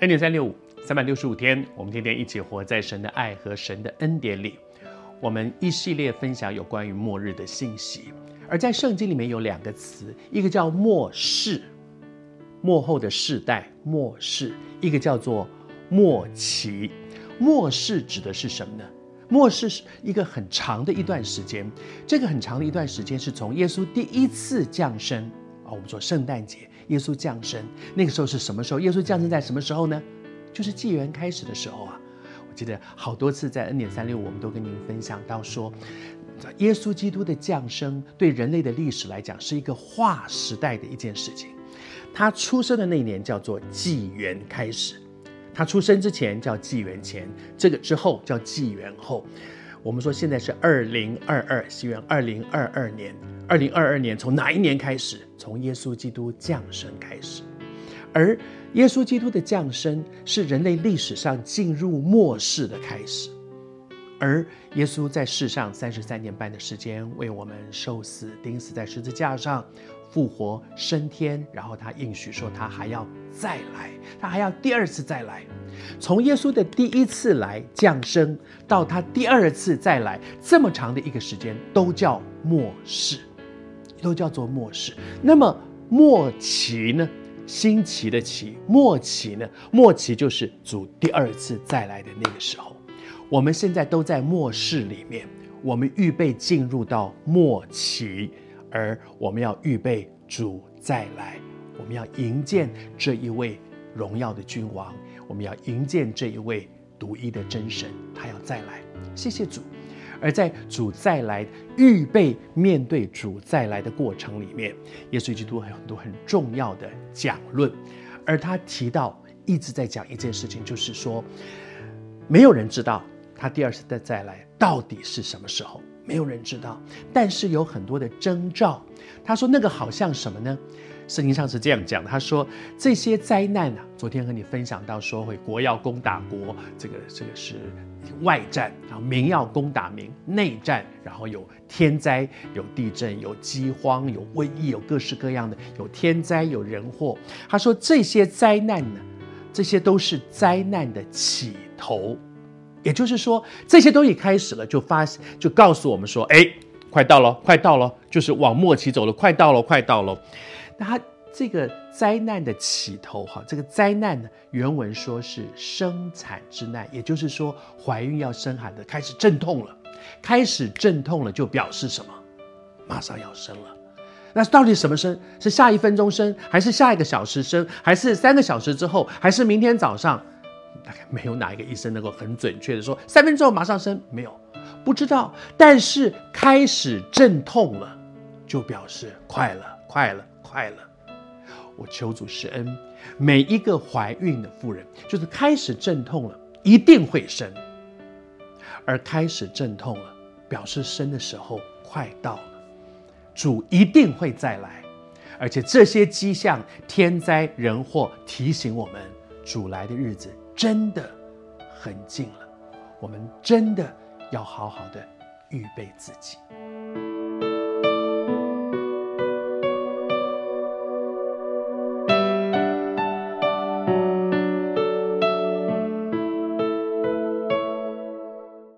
恩典三六五，三百六十五天，我們天天一起活在神的愛和神的恩典裡。我們一系列分享有關於末日的信息。而在聖經裡面有兩個詞，一個叫末世，末後的世代；末世，一個叫做末期。末世指的是什麼呢？末世是一個很長的一段時間。這個很長的一段時間是從耶穌第一次降生啊，我們說聖誕節。耶穌降生那個時候是什麼時候？耶穌降生在什麼時候呢？就是紀元開始的時候啊！我記得好多次在恩典365，我們都跟您分享到說，耶穌基督的降生對人類的歷史來講是一個劃時代的一件事情。他出生的那一年叫做紀元開始，他出生之前叫紀元前，這個之後叫紀元後。我們說現在是二零二二，西元二零二二年。二零二二年從哪一年開始？從耶穌基督降生開始，而耶穌基督的降生是人類歷史上進入末世的開始。而耶穌在世上三十三年半的時間，為我們受死、釘死在十字架上、復活升天，然後他應許說他還要再來，他還要第二次再來。從耶穌的第一次來降生到他第二次再來這麼長的一個時間，都叫末世。都叫做末世。那麼末期呢？新奇的奇，末期呢？末期就是主第二次再來的那個時候。我們現在都在末世裡面，我們預備進入到末期，而我們要預備主再來，我們要迎見這一位榮耀的君王，我們要迎見這一位獨一的真神，他要再來。謝謝主。而在主再來預備面對主再來的過程裡面，耶穌基督還有很多很重要的講論，而他提到一直在講一件事情，就是說，沒有人知道他第二次的再來到底是什麼時候，沒有人知道，但是有很多的徵兆。他說那個好像什麼呢？聖經上是這樣講的。他說：“這些災難呢、啊，昨天和你分享到說，會國要攻打國，這個這個是外戰啊；然後民要攻打民，內戰。然後有天災，有地震，有飢荒，有瘟疫，有各式各樣的，有天災，有人禍。他說這些災難呢，這些都是災難的起頭。也就是說，這些東西開始了，就發，就告訴我們說，哎，快到了，快到了，就是往末期走了，快到了，快到了。”那它這個災難的起頭，哈，這個災難呢，原文說是生產之難，也就是說懷孕要生孩子，開始陣痛了，開始陣痛了，就表示什麼？馬上要生了。那到底什麼生？是下一分鐘生，還是下一個小時生，還是三個小時之後，還是明天早上？大概沒有哪一個醫生能夠很準確的說三分鐘馬上生，沒有，不知道。但是開始陣痛了，就表示快了，快了。快樂，我求主施恩，每一個懷孕的婦人，就是開始陣痛了，一定會生。而開始陣痛了，表示生的時候快到了。主一定會再來，而且這些跡象、天災人禍，提醒我們主來的日子真的很近了。我們真的要好好的預備自己。